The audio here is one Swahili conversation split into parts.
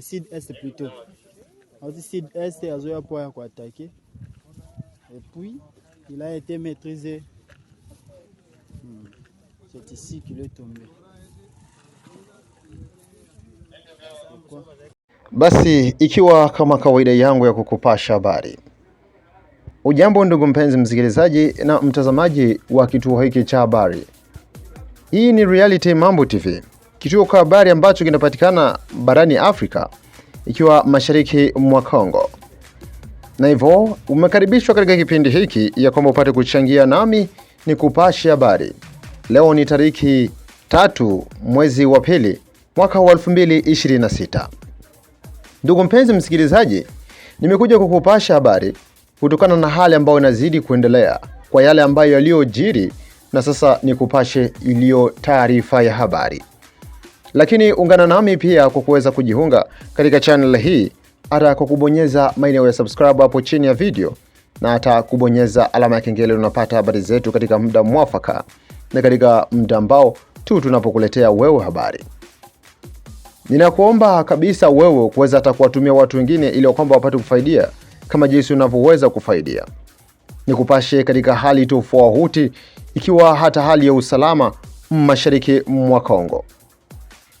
Sud est plutôt. Aussi seed est azoya poa pour attaquer. Et puis il a été maîtrisé. Hmm. C'est ici qu'il est tombé. Basi ikiwa kama kawaida yangu ya kukupasha habari. Ujambo ndugu mpenzi msikilizaji na mtazamaji wa kituo hiki cha habari. Hii ni Reality Mambo TV, kituo cha habari ambacho kinapatikana barani Afrika ikiwa mashariki mwa Kongo, na hivyo umekaribishwa katika kipindi hiki ya kwamba upate kuchangia nami ni kupashi habari. Leo ni tariki tatu mwezi wa pili mwaka wa 2026. Ndugu mpenzi msikilizaji, nimekuja kukupasha habari kutokana na hali ambayo inazidi kuendelea kwa yale ambayo yaliyojiri na sasa ni kupashe iliyo taarifa ya habari, lakini ungana nami pia kwa kuweza kujiunga katika channel hii, hata kwa kubonyeza maeneo ya subscribe hapo chini ya video na hata kubonyeza alama ya kengele. Unapata habari zetu katika muda mwafaka na katika muda ambao tu tunapokuletea wewe habari. Ninakuomba kabisa wewe kuweza hata kuwatumia watu wengine, ili kwamba wapate kufaidia kama jinsi unavyoweza kufaidia. Ni kupashe katika hali tofauti, ikiwa hata hali ya usalama mashariki mwa Kongo.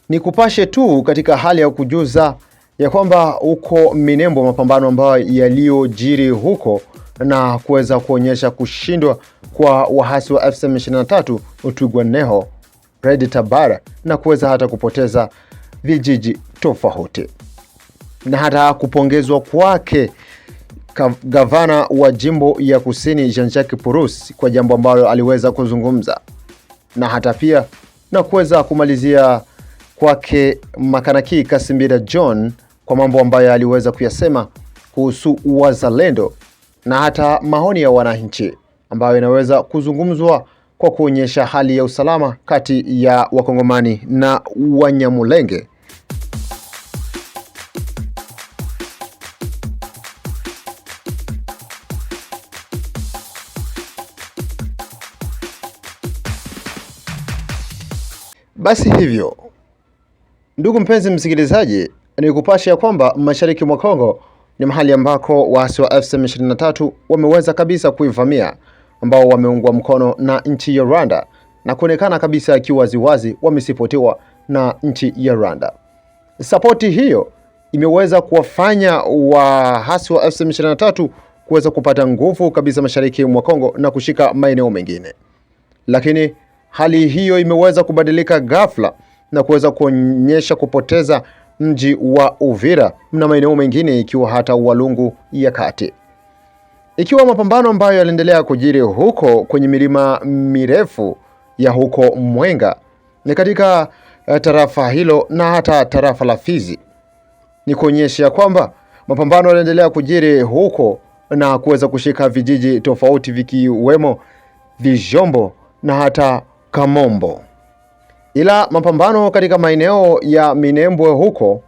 Ni kupashe tu katika hali ya kujuza ya kwamba huko minembo mapambano ambayo yaliyojiri huko na kuweza kuonyesha kushindwa kwa wahasi wa f 23 neho Red Tabara na kuweza hata kupoteza vijiji tofauti na hata kupongezwa kwake gavana wa jimbo ya kusini Jean-Jacques Purus kwa jambo ambalo aliweza kuzungumza na hata pia na kuweza kumalizia kwake Makanaki Kasimbira John kwa mambo ambayo aliweza kuyasema kuhusu wazalendo na hata maoni ya wananchi ambayo inaweza kuzungumzwa kwa kuonyesha hali ya usalama kati ya Wakongomani na Wanyamulenge. Basi hivyo, ndugu mpenzi msikilizaji, ni kupasha ya kwamba mashariki mwa Kongo ni mahali ambako waasi wa M23 wameweza kabisa kuivamia, ambao wameungwa mkono na nchi ya Rwanda na kuonekana kabisa kiwaziwazi wamesipotiwa na nchi ya Rwanda. Sapoti hiyo imeweza kuwafanya waasi wa M23 kuweza kupata nguvu kabisa mashariki mwa Kongo na kushika maeneo mengine, lakini hali hiyo imeweza kubadilika ghafla na kuweza kuonyesha kupoteza mji wa Uvira na maeneo mengine ikiwa hata Walungu ya kati, ikiwa mapambano ambayo yaliendelea kujiri huko kwenye milima mirefu ya huko Mwenga ni katika eh, tarafa hilo na hata tarafa la Fizi, ni kuonyesha kwamba mapambano yaliendelea kujiri huko na kuweza kushika vijiji tofauti vikiwemo Vijombo na hata Kamombo, ila mapambano katika maeneo ya Minembwe huko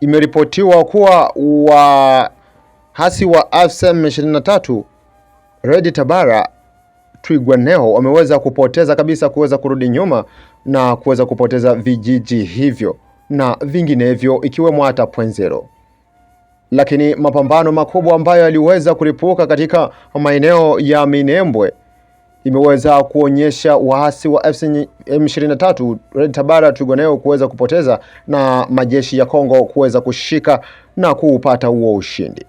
imeripotiwa kuwa wa hasi wa AFC/M23 Red Tabara Twirwaneho wameweza kupoteza kabisa, kuweza kurudi nyuma na kuweza kupoteza vijiji hivyo na vinginevyo ikiwemo hata Pwenzero. Lakini mapambano makubwa ambayo yaliweza kulipuka katika maeneo ya Minembwe imeweza kuonyesha waasi wa FC M23 Red Tabara Twirwaneho kuweza kupoteza na majeshi ya Kongo kuweza kushika na kuupata huo ushindi.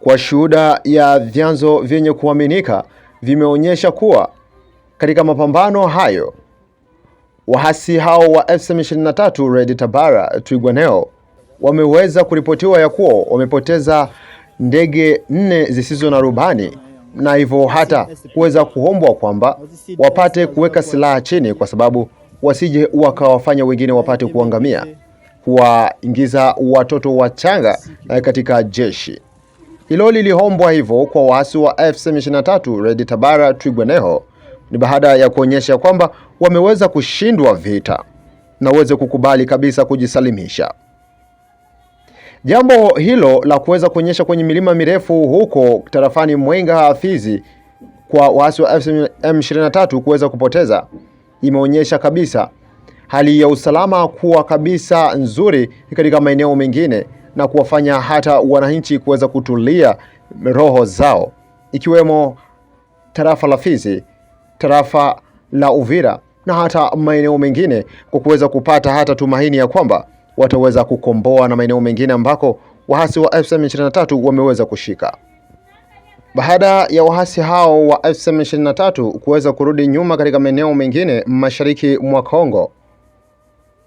Kwa shuhuda ya vyanzo vyenye kuaminika vimeonyesha kuwa katika mapambano hayo waasi hao wa FC M23 Red Tabara Twirwaneho wameweza kuripotiwa ya kuwa wamepoteza ndege nne zisizo na rubani na hivyo hata kuweza kuombwa kwamba wapate kuweka silaha chini, kwa sababu wasije wakawafanya wengine wapate kuangamia, kuwaingiza watoto wachanga eh, katika jeshi hilo. Liliombwa hivyo kwa waasi wa f 23 Red Tabara twigweneho ni baada ya kuonyesha kwamba wameweza kushindwa vita na uweze kukubali kabisa kujisalimisha. Jambo hilo la kuweza kuonyesha kwenye milima mirefu huko tarafani Mwenga Fizi kwa waasi wa M23 kuweza kupoteza imeonyesha kabisa hali ya usalama kuwa kabisa nzuri katika maeneo mengine na kuwafanya hata wananchi kuweza kutulia roho zao, ikiwemo tarafa la Fizi, tarafa la Uvira na hata maeneo mengine, kwa kuweza kupata hata tumaini ya kwamba wataweza kukomboa na maeneo mengine ambako waasi wa FCM 23 wameweza kushika. Baada ya waasi hao wa FCM 23 kuweza kurudi nyuma katika maeneo mengine mashariki mwa Kongo,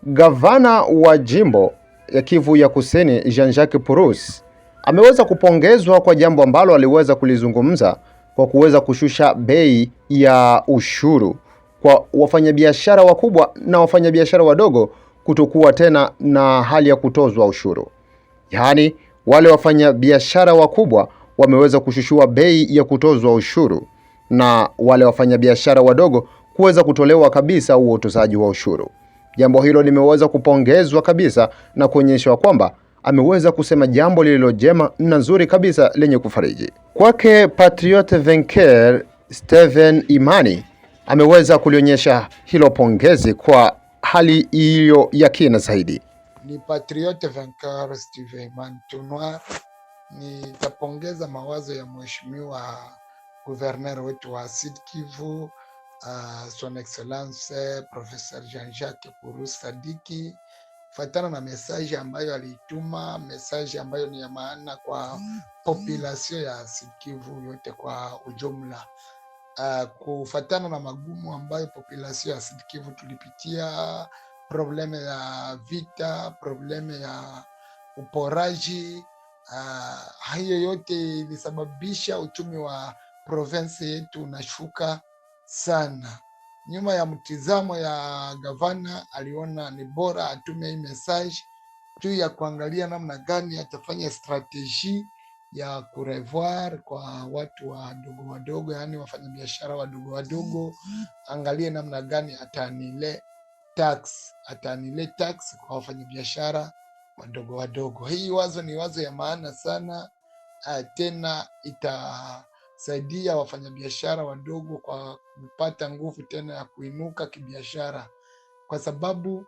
gavana wa jimbo ya Kivu ya Kusini Jean-Jacques Purus ameweza kupongezwa kwa jambo ambalo aliweza kulizungumza kwa kuweza kushusha bei ya ushuru kwa wafanyabiashara wakubwa na wafanyabiashara wadogo kutokuwa tena na hali ya kutozwa ushuru, yaani wale wafanyabiashara wakubwa wameweza kushushua bei ya kutozwa ushuru na wale wafanyabiashara wadogo kuweza kutolewa kabisa uotozaji wa ushuru. Jambo hilo limeweza kupongezwa kabisa na kuonyeshwa kwamba ameweza kusema jambo lililo jema na nzuri kabisa lenye kufariji kwake. Patriote Venker Steven Imani ameweza kulionyesha hilo pongezi kwa hali iliyo ya kina zaidi. Ni Patriote Vainqueur Steve Mantunwa, Tunwa. Nitapongeza mawazo ya mheshimiwa guverner wetu wa Sud Kivu uh, son excellence Professor Jean-Jacques Kuru Sadiki fatana na mesaji ambayo aliituma, mesaji ambayo ni ya maana kwa population ya Sud Kivu yote kwa ujumla uh, ah, kufatana na magumu ambayo populasio ya Sud Kivu tulipitia, probleme ya vita, probleme ya uporaji uh, ah, hiyo yote ilisababisha uchumi wa provensi yetu unashuka sana. Nyuma ya mtizamo ya gavana, aliona ni bora atume hii message juu ya kuangalia namna gani atafanya strateji ya kurevoir kwa watu wadogo wadogo, yaani wafanyabiashara wadogo wadogo, angalie namna gani atanile tax atanile tax kwa wafanyabiashara wadogo wadogo. Hii wazo ni wazo ya maana sana, ah, tena itasaidia wafanyabiashara wadogo kwa kupata nguvu tena ya kuinuka kibiashara kwa sababu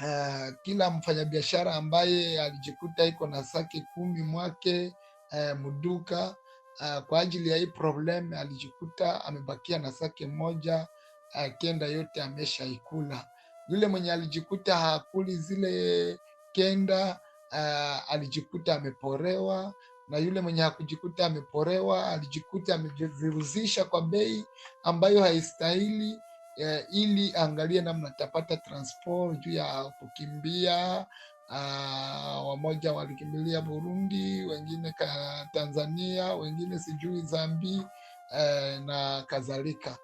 Uh, kila mfanyabiashara ambaye alijikuta iko na saki kumi mwake uh, eh, mduka uh, eh, kwa ajili ya hii problem alijikuta amebakia na saki moja uh, kenda yote ameshaikula. Yule mwenye alijikuta hakuli zile kenda uh, alijikuta ameporewa, na yule mwenye hakujikuta ameporewa alijikuta ameviuzisha kwa bei ambayo haistahili eh, ili angalie namna tapata transport juu ya kukimbia. Uh, wamoja walikimbilia Burundi, wengine ka Tanzania, wengine sijui Zambi eh, na kadhalika.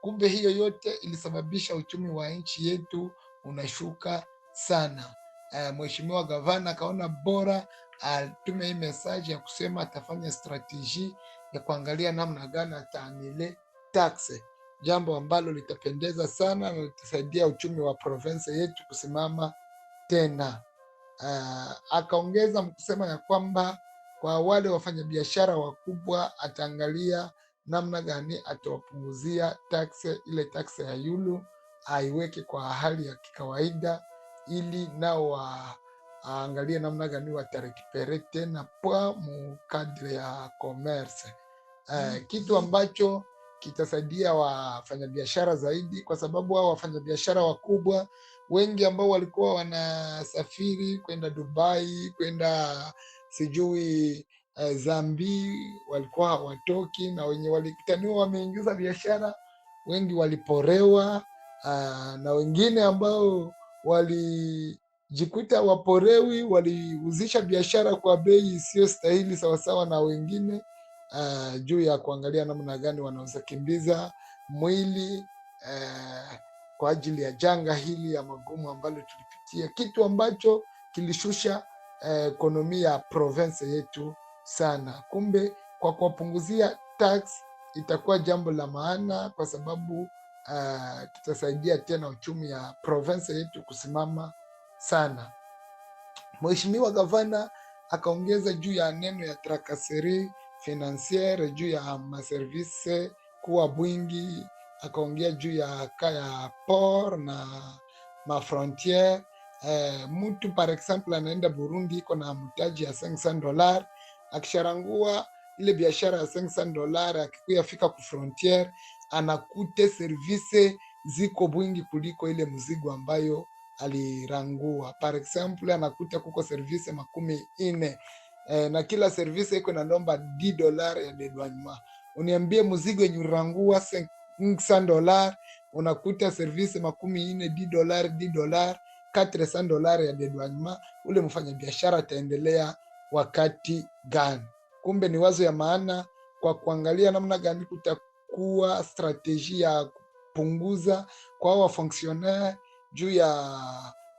Kumbe hiyo yote ilisababisha uchumi wa nchi yetu unashuka sana. Eh, Mheshimiwa Gavana akaona bora atume uh, hii mesaji ya kusema atafanya strateji ya kuangalia namna gani ataanile taxe jambo ambalo litapendeza sana na litasaidia uchumi wa provensa yetu kusimama tena. Uh, akaongeza kusema ya kwamba kwa wale wafanyabiashara wakubwa ataangalia namna gani atawapunguzia taksi, ile taksi ya yulu aiweke kwa hali ya kikawaida, ili nao waangalie namna gani watarekipere tena pwa mukadre ya commerce. Uh, kitu ambacho kitasaidia wafanyabiashara zaidi, kwa sababu hao wafanyabiashara wakubwa wengi ambao walikuwa wanasafiri kwenda Dubai, kwenda sijui uh, Zambi, walikuwa hawatoki, na wenye walikutaniwa wameingiza biashara wengi waliporewa, uh, na wengine ambao walijikuta waporewi waliuzisha biashara kwa bei isiyo stahili sawasawa na wengine uh, juu ya kuangalia namna gani wanaweza kimbiza mwili uh, kwa ajili ya janga hili ya magumu ambalo tulipitia, kitu ambacho kilishusha eh, ekonomi uh, ya province yetu sana. Kumbe kwa kuwapunguzia tax itakuwa jambo la maana, kwa sababu uh, tutasaidia tena uchumi ya province yetu kusimama sana. Mheshimiwa Gavana akaongeza juu ya neno ya trakaseri financiere juu ya maservise kuwa bwingi, akaongea juu ya kaya por na mafrontiere eh, mtu par exemple anaenda Burundi iko na mtaji ya 500 dollar, akisharangua ile biashara ya 500 dollar, akikuya fika ku frontiere anakute service ziko bwingi kuliko ile mzigo ambayo alirangua. Par exemple anakuta kuko service makumi ine eh, na kila service iko na nomba d dolar ya dedwanyuma. Uniambie mzigo yenye urangua san dolar, unakuta service makumi ine d dolar d dolar katre san dolar ya dedwanyuma. Ule biashara ataendelea wakati gani? Kumbe ni wazo ya maana kwa kuangalia namna gani kutakuwa strateji ya kupunguza kwa hao juu ya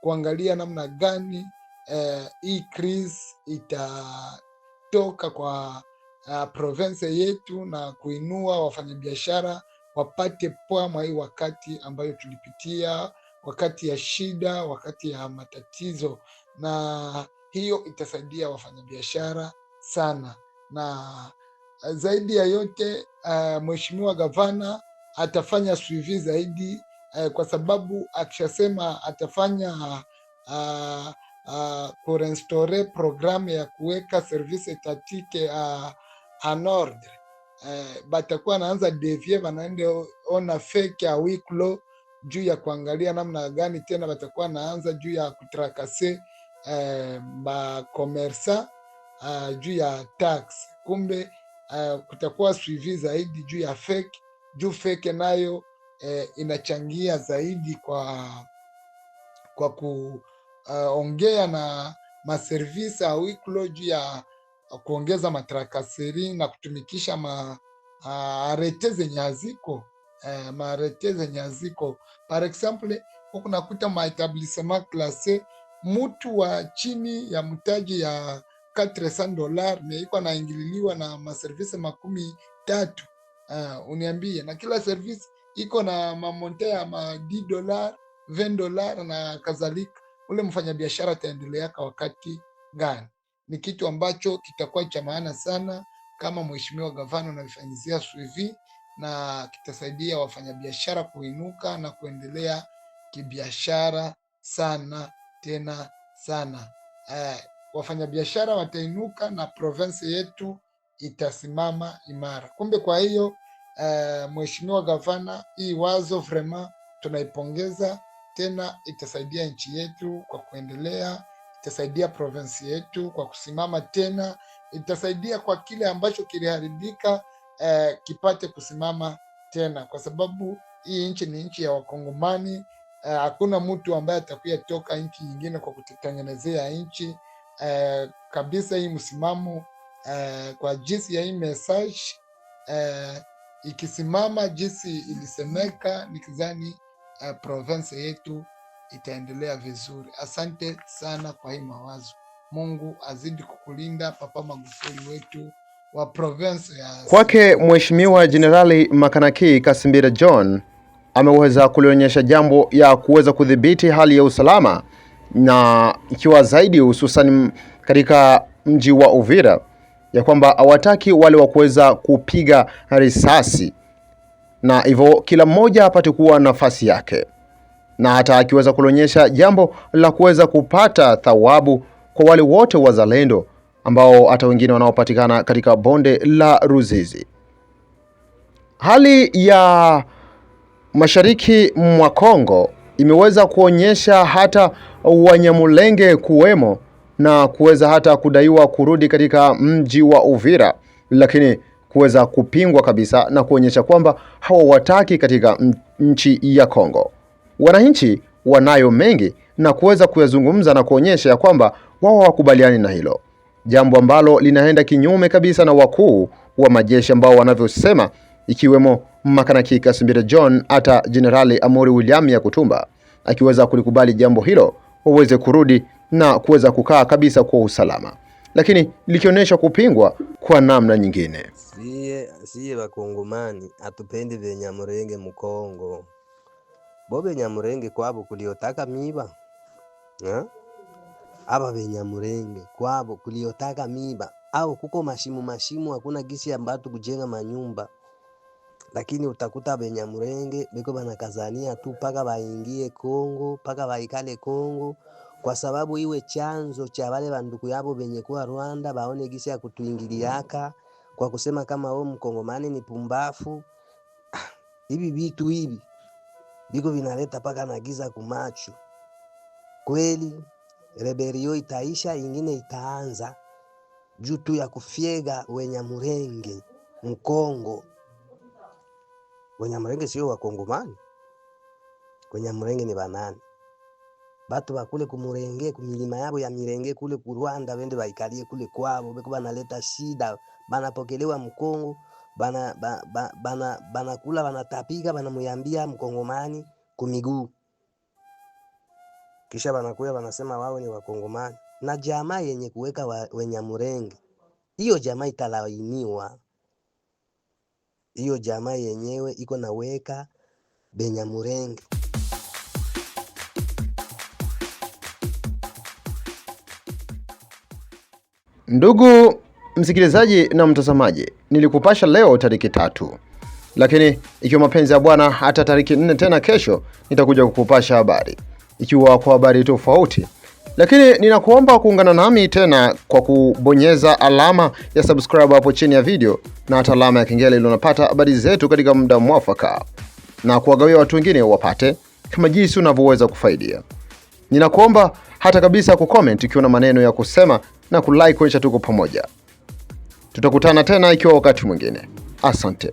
kuangalia namna gani eh, hii crisis itatoka kwa uh, province yetu na kuinua wafanyabiashara wapate mwa hii wakati ambayo tulipitia, wakati ya shida, wakati ya matatizo, na hiyo itasaidia wafanyabiashara sana na zaidi ya yote uh, mheshimiwa gavana atafanya suivi zaidi uh, kwa sababu akishasema atafanya uh, uh, kurenstore programu ya kuweka service tatike uh, anordre uh, batakuwa naanza devie banaende ona fake ya wiklo juu ya kuangalia namna gani tena batakuwa naanza juu ya kutrakase uh, eh, makomersa uh, juu ya tax kumbe uh, kutakuwa suivi zaidi juu ya fake juu fake nayo uh, inachangia zaidi kwa kwa ku uh, ongea na maservisi au ICLO juu ya kuongeza matrakaseri na kutumikisha ma, uh, arete zenye haziko uh, eh, maarete zenye haziko par exemple, kunakuta maetablisement classe mtu wa chini ya mtaji ya 400 dola neiko anaingililiwa na maservisi makumi tatu. Uh, uniambie na kila service iko na mamonte ya ma 10 dola 20 dola na kadhalika ule mfanyabiashara ataendelea kwa wakati gani. Ni kitu ambacho kitakuwa cha maana sana kama mheshimiwa gavana unavifanyizia suivi, na kitasaidia wafanyabiashara kuinuka na kuendelea kibiashara sana tena sana. Eh, wafanyabiashara watainuka na provinsi yetu itasimama imara. Kumbe kwa hiyo eh, mheshimiwa gavana, hii wazo vrema tunaipongeza tena itasaidia nchi yetu kwa kuendelea, itasaidia provinsi yetu kwa kusimama tena, itasaidia kwa kile ambacho kiliharibika eh, kipate kusimama tena, kwa sababu hii nchi ni nchi ya Wakongomani. Eh, hakuna mtu ambaye atakuya toka nchi nyingine kwa kutengenezea nchi eh, kabisa. Hii msimamo eh, kwa jinsi ya hii message eh, ikisimama jinsi ilisemeka, nikizani uh, province yetu itaendelea vizuri. Asante sana kwa hii mawazo. Mungu azidi kukulinda Papa Magufuli wetu wa province ya kwake. Mheshimiwa Jenerali Makanaki Kasimbira John ameweza kulionyesha jambo ya kuweza kudhibiti hali ya usalama na ikiwa zaidi hususan katika mji wa Uvira ya kwamba hawataki wale wa kuweza kupiga risasi na hivyo kila mmoja apate kuwa nafasi yake, na hata akiweza kulionyesha jambo la kuweza kupata thawabu kwa wale wote wazalendo ambao hata wengine wanaopatikana katika bonde la Ruzizi. Hali ya mashariki mwa Kongo imeweza kuonyesha hata Wanyamulenge kuwemo na kuweza hata kudaiwa kurudi katika mji wa Uvira, lakini kuweza kupingwa kabisa na kuonyesha kwamba hawawataki katika nchi ya Kongo. Wananchi wanayo mengi na kuweza kuyazungumza na kuonyesha ya kwamba wao hawakubaliani na hilo, jambo ambalo linaenda kinyume kabisa na wakuu wa majeshi ambao wanavyosema, ikiwemo Makanaki Kasimbire John hata Jenerali Amuri William ya Kutumba akiweza kulikubali jambo hilo waweze kurudi na kuweza kukaa kabisa kwa usalama lakini likionyesha kupingwa kwa namna nyingine. Siye siye bakongomani atupendi venyamurenge mukongo bo venyamurenge kwabo kuliotaka miba ha? aba benyamurenge kwabo kuliotaka miba au kuko mashimu mashimu, hakuna gisi ambatu kujenga manyumba, lakini utakuta benyamurenge beko banakazania tu paka baingie Kongo paka baikale Kongo kwa sababu iwe chanzo cha wale wanduku yabo benye kuwa Rwanda baone gisi ya kutuingiliaka kwa kusema kama wewe mkongomani ni pumbafu. Hivi vitu hivi biko vinaleta paka na giza kumacho kweli. Rebelio itaisha, ingine itaanza juu tu ya kufyega Wenyamurenge Mkongo. Wenyamurenge sio Wakongomani, Wenyamurenge ni banani? batu bakule kumurenge kumilima yabo ya mirenge kule ku Rwanda wende baikalie kule kwabo, beko banaleta shida, banapokelewa Mkongo bana ba, ba, bana banakula banatapika, banamuyambia mkongomani kumiguu, kisha banakuya banasema wao ni wakongomani. Na jamaa yenye kuweka wa, Wenyamurenge hiyo jamaa italainiwa, hiyo jamaa yenyewe iko naweka Benyamurenge. Ndugu msikilizaji na mtazamaji, nilikupasha leo tariki tatu, lakini ikiwa mapenzi ya Bwana hata tariki nne tena kesho nitakuja kukupasha habari, ikiwa kwa habari tofauti, lakini ninakuomba kuungana nami tena kwa kubonyeza alama ya subscribe hapo chini ya video na hata alama ya kengele ili unapata habari zetu katika muda mwafaka na kuwagawia watu wengine wapate kama jinsi unavyoweza kufaidia. Ninakuomba hata kabisa kucomment ukiwa na maneno ya kusema na kulike kuonyesha tuko pamoja. Tutakutana tena ikiwa wakati mwingine. Asante.